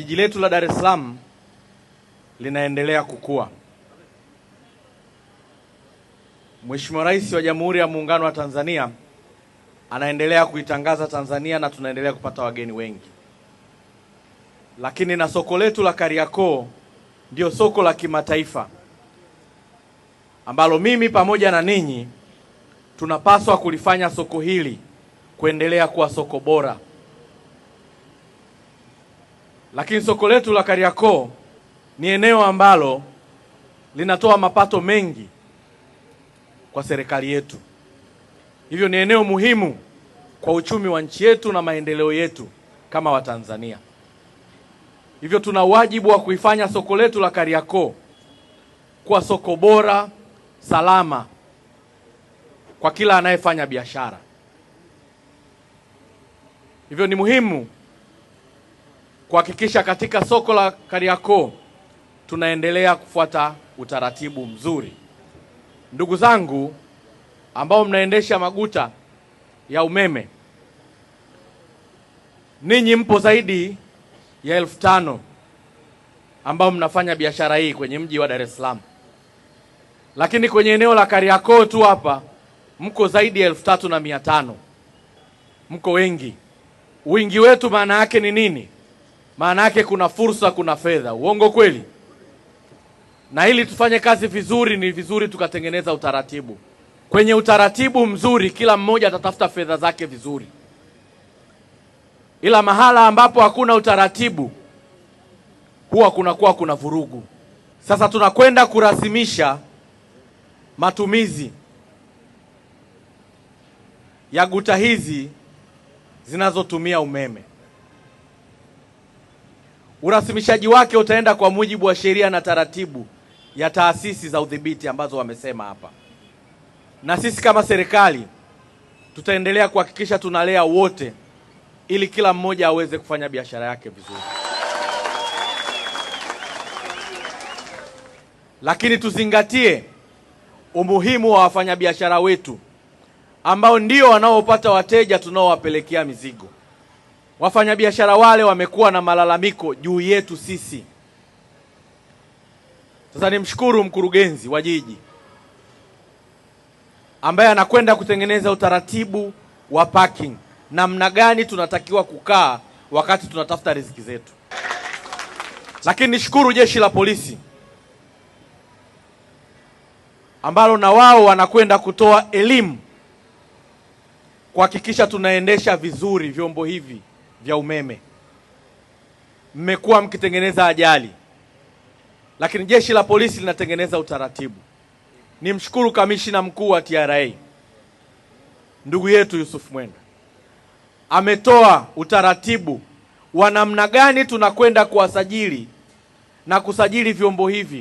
Jiji letu la Dar es Salaam linaendelea kukua. Mheshimiwa Rais wa Jamhuri ya Muungano wa Tanzania anaendelea kuitangaza Tanzania na tunaendelea kupata wageni wengi, lakini na soko letu la Kariakoo ndio soko la kimataifa ambalo mimi pamoja na ninyi tunapaswa kulifanya soko hili kuendelea kuwa soko bora. Lakini soko letu la Kariakoo ni eneo ambalo linatoa mapato mengi kwa serikali yetu, hivyo ni eneo muhimu kwa uchumi wa nchi yetu na maendeleo yetu kama Watanzania. Hivyo tuna wajibu wa kuifanya soko letu la Kariakoo kuwa soko bora, salama kwa kila anayefanya biashara. Hivyo ni muhimu kuhakikisha katika soko la Kariakoo tunaendelea kufuata utaratibu mzuri. Ndugu zangu ambao mnaendesha maguta ya umeme, ninyi mpo zaidi ya elfu tano ambao mnafanya biashara hii kwenye mji wa Dar es Salaam, lakini kwenye eneo la Kariakoo tu hapa mko zaidi ya elfu tatu na mia tano mko wengi. Wingi wetu maana yake ni nini? maana yake kuna fursa, kuna fedha. Uongo kweli? Na ili tufanye kazi vizuri, ni vizuri tukatengeneza utaratibu. Kwenye utaratibu mzuri, kila mmoja atatafuta fedha zake vizuri, ila mahala ambapo hakuna utaratibu, huwa kunakuwa kuna vurugu. Sasa tunakwenda kurasimisha matumizi ya guta hizi zinazotumia umeme urasimishaji wake utaenda kwa mujibu wa sheria na taratibu ya taasisi za udhibiti ambazo wamesema hapa, na sisi kama serikali tutaendelea kuhakikisha tunalea wote ili kila mmoja aweze kufanya biashara yake vizuri. Lakini tuzingatie umuhimu wa wafanyabiashara wetu ambao ndio wanaopata wateja tunaowapelekea mizigo. Wafanyabiashara wale wamekuwa na malalamiko juu yetu sisi. Sasa nimshukuru mkurugenzi wa jiji ambaye anakwenda kutengeneza utaratibu wa parking, namna gani tunatakiwa kukaa wakati tunatafuta riziki zetu. Lakini nishukuru jeshi la polisi ambalo na wao wanakwenda kutoa elimu kuhakikisha tunaendesha vizuri vyombo hivi vya umeme, mmekuwa mkitengeneza ajali, lakini jeshi la polisi linatengeneza utaratibu. Nimshukuru kamishina mkuu wa TRA ndugu yetu Yusuf Mwenda ametoa utaratibu wa namna gani tunakwenda kuwasajili na kusajili vyombo hivi.